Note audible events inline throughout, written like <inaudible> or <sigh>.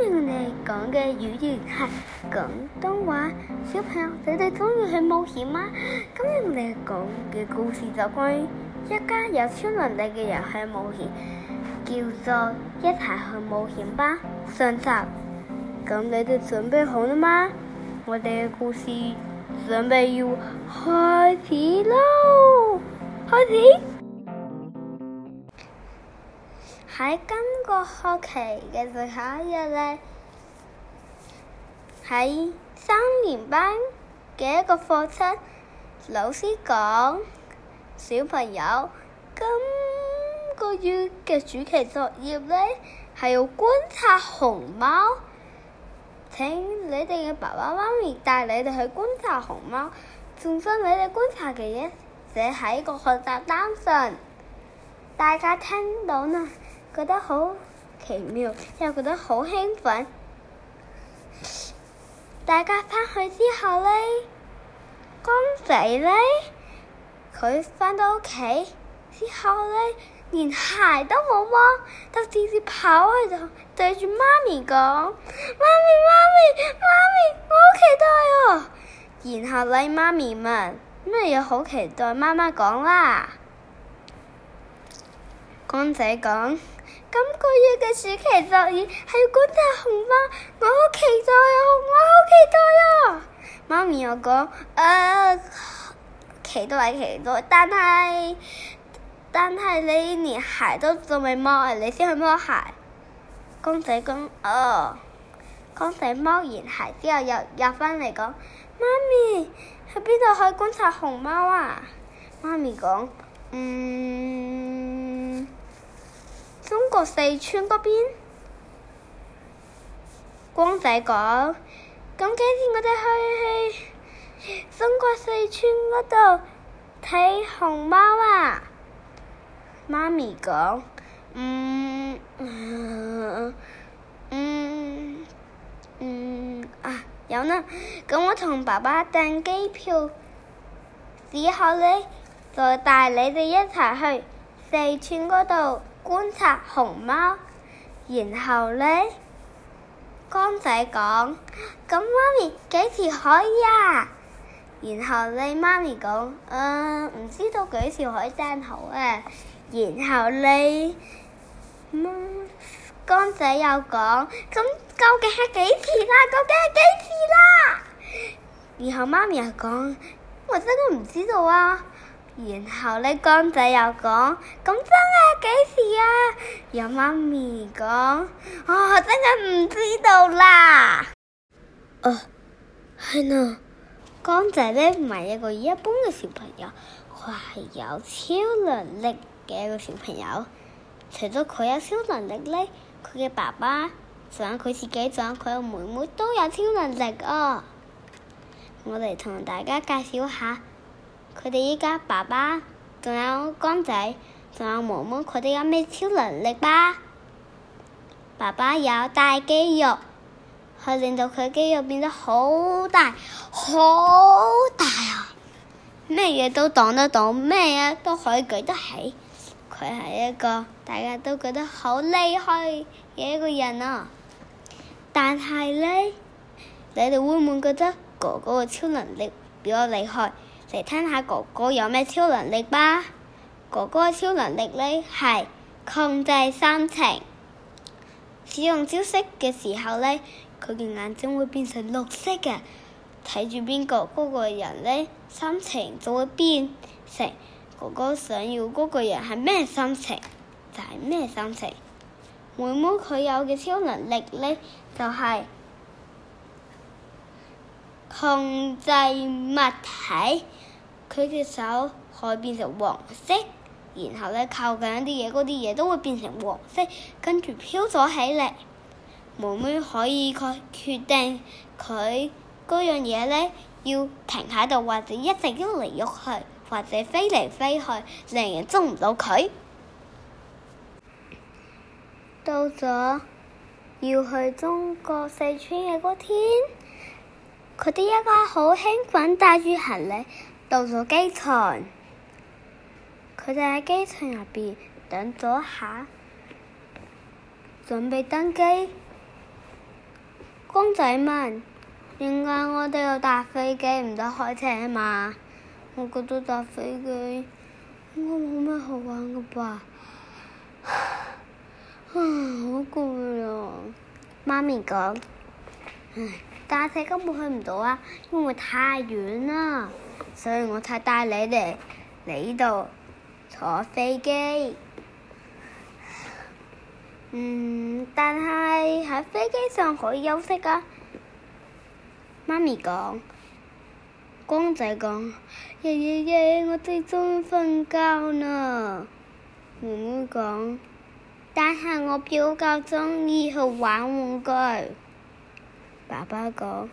今日我哋講嘅語言係廣東話，小朋友，你哋中意去冒險嗎，啊？今日我哋講嘅故事就關於一家有超能力嘅人去冒險，叫做一齊去冒險吧。上集，咁你哋準備好了嗎？我哋嘅故事準備要開始咯，開始。喺今個學期嘅最後一日咧，喺三年班嘅一個課室，老師講，小朋友，今個月嘅主題作業咧，係要觀察熊貓，請你哋嘅爸爸媽咪帶你哋去觀察熊貓，將身你哋觀察嘅嘢寫喺個學習單上。大家聽到啦？覺得好奇妙，又覺得好興奮。大家返去之後呢，光仔呢，佢返到屋企之後呢，連鞋都冇摸，就直接跑去度對住媽咪講：媽咪，媽咪，媽咪，我好期待哦！然後呢，媽咪問咩嘢？好期待，媽媽講啦。光仔講：今個月嘅暑期作業係觀察熊貓，我好期待哦、啊！我好期待哦、啊。媽咪又講：誒、呃，期待係期待，但係但係你連鞋都仲未摸，你先去摸鞋。光仔講：哦、呃，光仔摸完鞋之後入入翻嚟講：媽咪，去邊度可以觀察熊貓啊？媽咪講：嗯。中國四川嗰邊，光仔講：咁幾時我哋去去中國四川嗰度睇熊貓啊？媽咪講：嗯嗯嗯嗯啊有呢。咁我同爸爸訂機票，之後呢，再帶你哋一齊去四川嗰度。觀察熊貓，然後呢？剛仔講：咁媽咪幾時可以啊？然後呢？媽咪講：唔、呃、知道幾時可以爭好啊？然後呢，剛、嗯、仔又講：咁究竟係幾時啦？究竟係幾時啦？然後媽咪又講：我真係唔知道啊！然後呢，剛仔又講：咁真係啊，幾時啊？有媽咪講、哦：我真係唔知道啦。哦，係咯。剛仔呢，唔係一個一般嘅小朋友，佢係有超能力嘅一個小朋友。除咗佢有超能力呢，佢嘅爸爸，仲有佢自己，仲有佢個妹妹都有超能力啊、哦！我嚟同大家介紹下。佢哋而家爸爸，仲有光仔，仲有毛毛，佢哋有咩超能力吧、啊？爸爸有大肌肉，佢令到佢肌肉變得好大好大啊！咩嘢都擋得到，咩嘢都可以舉得起。佢係一個大家都覺得好厲害嘅一個人啊！但係咧，你哋會唔會覺得哥哥嘅超能力比較厲害？嚟聽下哥哥有咩超能力吧。哥哥嘅超能力呢係控制心情。使用招式嘅時候呢，佢嘅眼睛會變成綠色嘅，睇住邊個，嗰個人呢心情就會變成哥哥想要嗰個人係咩心情就係、是、咩心情。妹妹佢有嘅超能力呢，就係、是。控制物體，佢嘅手可以變成黃色，然後呢靠近一啲嘢，嗰啲嘢都會變成黃色，跟住飄咗起嚟。妹妹可以佢決定佢嗰樣嘢呢要停喺度，或者一直喐嚟喐去，或者飛嚟飛去，令人捉唔到佢。到咗要去中國四川嘅嗰天。佢哋一家好興奮，帶住行李到咗機場。佢哋喺機場入邊等咗下，準備登機。公仔問，點解我哋要搭飛機唔得開車啊嘛？我覺得搭飛機應該冇咩好玩㗎吧。唉，好攰啊、哦！媽咪講，唉。但係根本去唔到啊，因為太遠啦，所以我才帶你哋嚟呢度坐飛機。嗯，但係喺飛機上可以休息啊。媽咪講，公仔講，耶耶耶，我最鍾意瞓覺呢。妹妹講，但係我比較鍾意去玩玩具。爸爸講：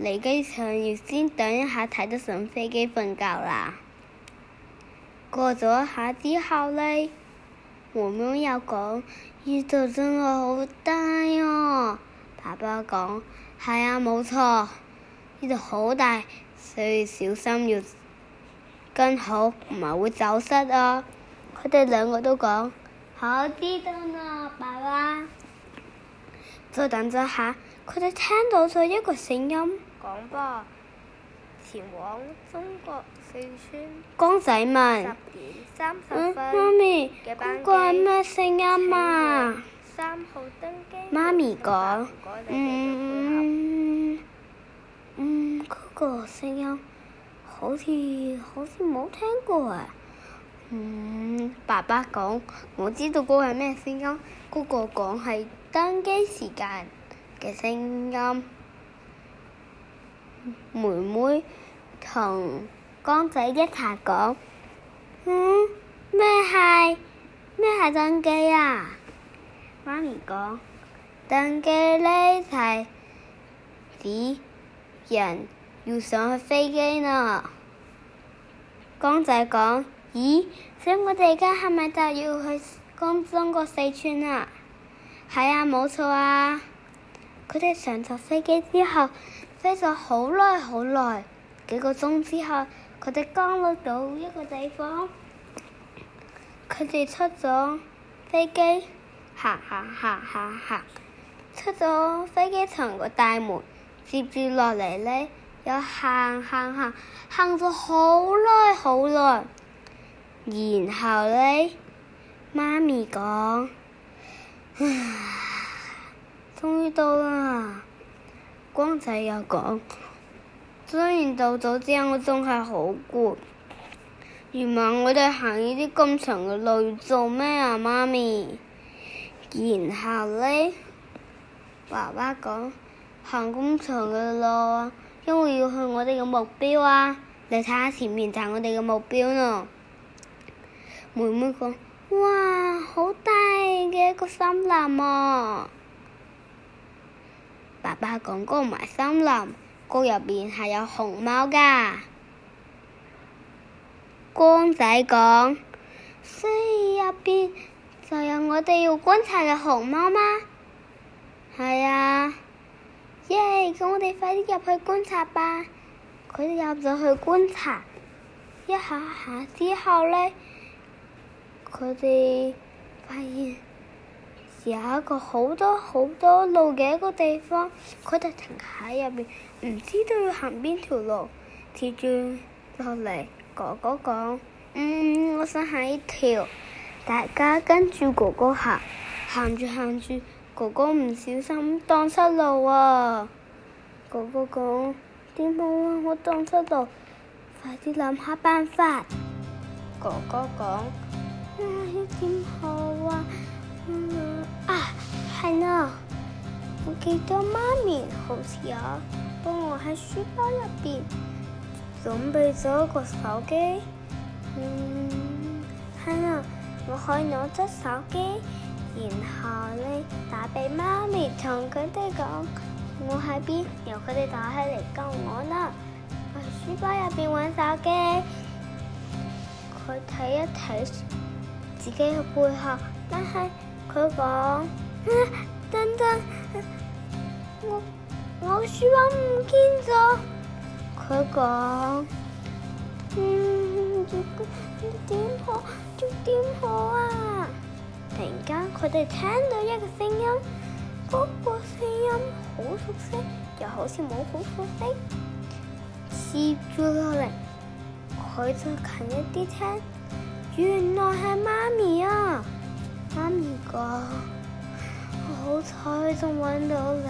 嚟機場要先等一下，睇得上飛機瞓覺啦。過咗一下之後呢，妹妹又講：呢度真係好大啊，哦！爸爸講：係啊，冇錯，呢度好大，所以小心要跟好，唔係會走失啊，哦！佢哋兩個都講：好，知道啦，爸爸。再等咗下，佢哋聽到咗一個聲音，廣播前往中國四川。光仔問：，嗯，媽咪，嗰個係咩聲音啊？三號登機媽咪講：，嗯，嗯，嗰個聲音好似好似冇聽過啊。嗯，爸爸講：，我知道嗰個係咩聲音，嗰個講係。登機時間嘅聲音，妹妹同剛仔一齊講：，嗯，咩係咩係登機啊？媽咪講：登機呢就係指人要上去飛機呢。剛仔講：咦，所以我哋而家係咪就要去江中國四川啊？係啊，冇錯啊！佢哋上咗飛機之後，飛咗好耐好耐幾個鐘之後，佢哋降落到一個地方。佢哋出咗飛機，行行行行行，行行行行出咗飛機場個大門。接住落嚟呢，又行行行行咗好耐好耐，然後呢，媽咪講。唉，終於到啦！光仔又講，雖然到咗之啫，我仲係好攰。原來我哋行呢啲咁長嘅路做咩啊？媽咪。然後咧，爸爸講，行咁長嘅路，因為要去我哋嘅目標啊！你睇下前面就係我哋嘅目標咯。妹妹講。哇，好大嘅一個森林啊！爸爸講過唔係森林，個入邊係有熊貓噶。光仔講：，所以入邊就有我哋要觀察嘅熊貓嗎？係啊。耶！咁我哋快啲入去觀察吧。佢哋入咗去觀察一下下之後呢。佢哋發現有一個好多好多路嘅一個地方，佢哋停喺入面，唔知都要行邊條路。接住落嚟，哥哥講：，嗯，我想下一條。大家跟住哥哥行，行住行住，哥哥唔小心蕩失路啊！哥哥講：，點啊？我蕩失路，快啲諗下辦法。哥哥講。點好啊？嗯、啊，係咯，我記得媽咪好似有幫我喺書包入邊準備咗個手機。嗯，係啊，我可以攞隻手機，然後咧打俾媽咪，同佢哋講我喺邊，由佢哋打起嚟，救我啦。我喺書包入邊玩手機，佢睇一睇。自己嘅背後，但係佢講：說 <laughs> 等等，我我書包唔見咗。佢講說：嗯，如果要點好就點好啊！突然間，佢哋聽到一個聲音，嗰、嗰個聲音好熟悉，又好似冇好熟悉。接住落嚟，佢就近一啲聽。原來係媽咪啊！媽咪講：我好彩仲揾到你，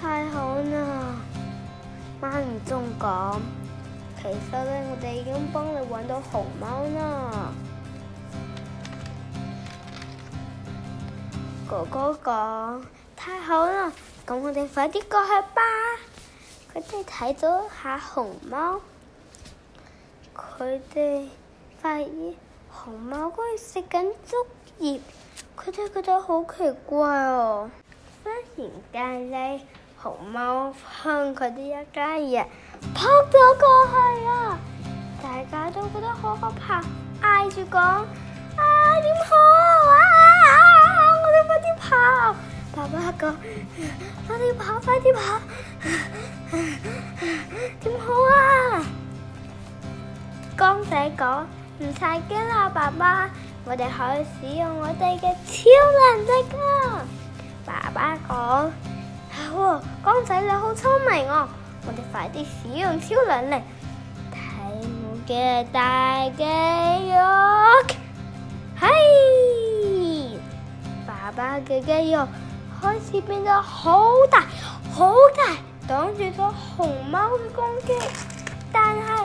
太好啦！媽咪仲講：其實咧，我哋已經幫你揾到熊貓啦！哥哥講：太好啦！咁我哋快啲過去吧！佢哋睇咗下熊貓，佢哋發現。熊貓居然食緊竹葉，佢哋覺得好奇怪哦。忽然間咧，熊貓向佢哋一家人撲咗過去啊！大家都覺得、哎、好可怕，嗌住講啊！點好啊？我哋快啲跑！爸爸講：快啲跑，快啲跑！點好啊？光仔講。唔使驚啦，爸爸，我哋可以使用我哋嘅超能力㗎！爸爸講：好喎，剛仔你好聰明哦，我哋快啲使用超能力，睇我嘅大肌肉，嘿！爸爸嘅肌肉開始變得好大好大，擋住咗熊貓嘅攻擊，但係。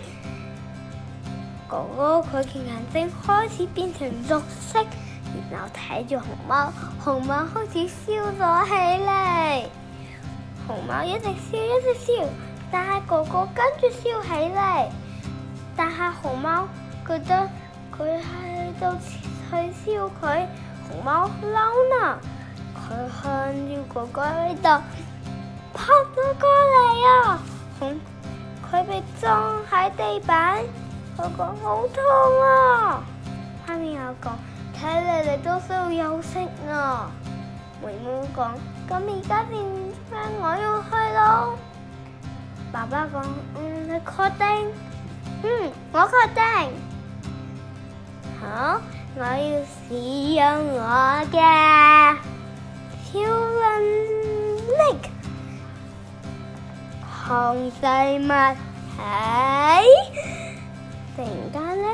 哥哥佢嘅眼睛開始變成綠色，然後睇住熊貓，熊貓開始燒咗起嚟。熊貓一直燒，一直燒，但係哥哥跟住燒起嚟。但係熊貓覺得佢喺度去燒佢，熊貓嬲啦，佢向住哥哥度撲咗過嚟啊！佢、嗯、被撞喺地板。我講好痛啊！媽咪又講，睇嚟，你都需要休息啊。妹妹講，咁而家變翻我要去咯。爸爸講，嗯，你確定？嗯，我確定。好，我要使用我嘅超能力控制物體。突然間咧，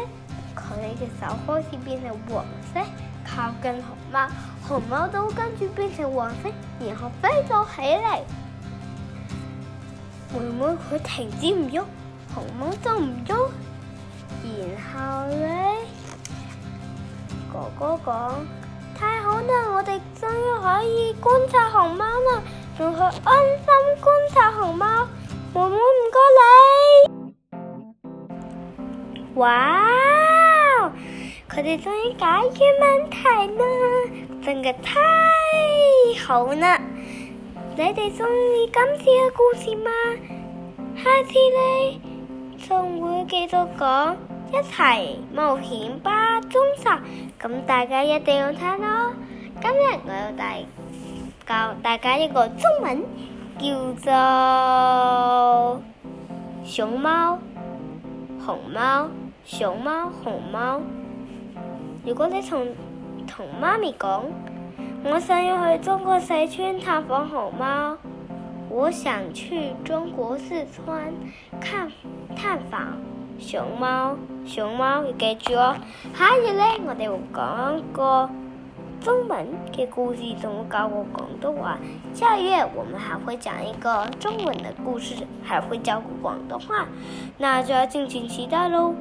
佢嘅手開始變成黃色，靠近熊貓，熊貓都跟住變成黃色，然後飛咗起嚟。妹妹佢停止唔喐，熊貓就唔喐。然後咧，哥哥講：太好啦，我哋終於可以觀察熊貓啦，仲可安心觀察熊貓。妹妹唔該你。哇！佢哋，wow，終於解決問題啦，真嘅太好啦！你哋鍾意今次嘅故事嗎？下次呢，仲會繼續講一齊冒險吧，中集，咁大家一定要睇咯！今日我要帶教大家一個中文，叫做熊貓，熊貓。熊貓、熊貓，如果你同同媽咪講，我想要去中國四川探訪熊貓，我想去中國四川看探訪熊貓，熊貓，要記住哦。下一頁咧，我哋會講一個中文嘅故事，仲會教我廣東話。下一頁我們還會講一個中文的故事，還會教過廣東話，那就要敬請期待咯。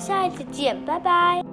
下一次見，拜拜。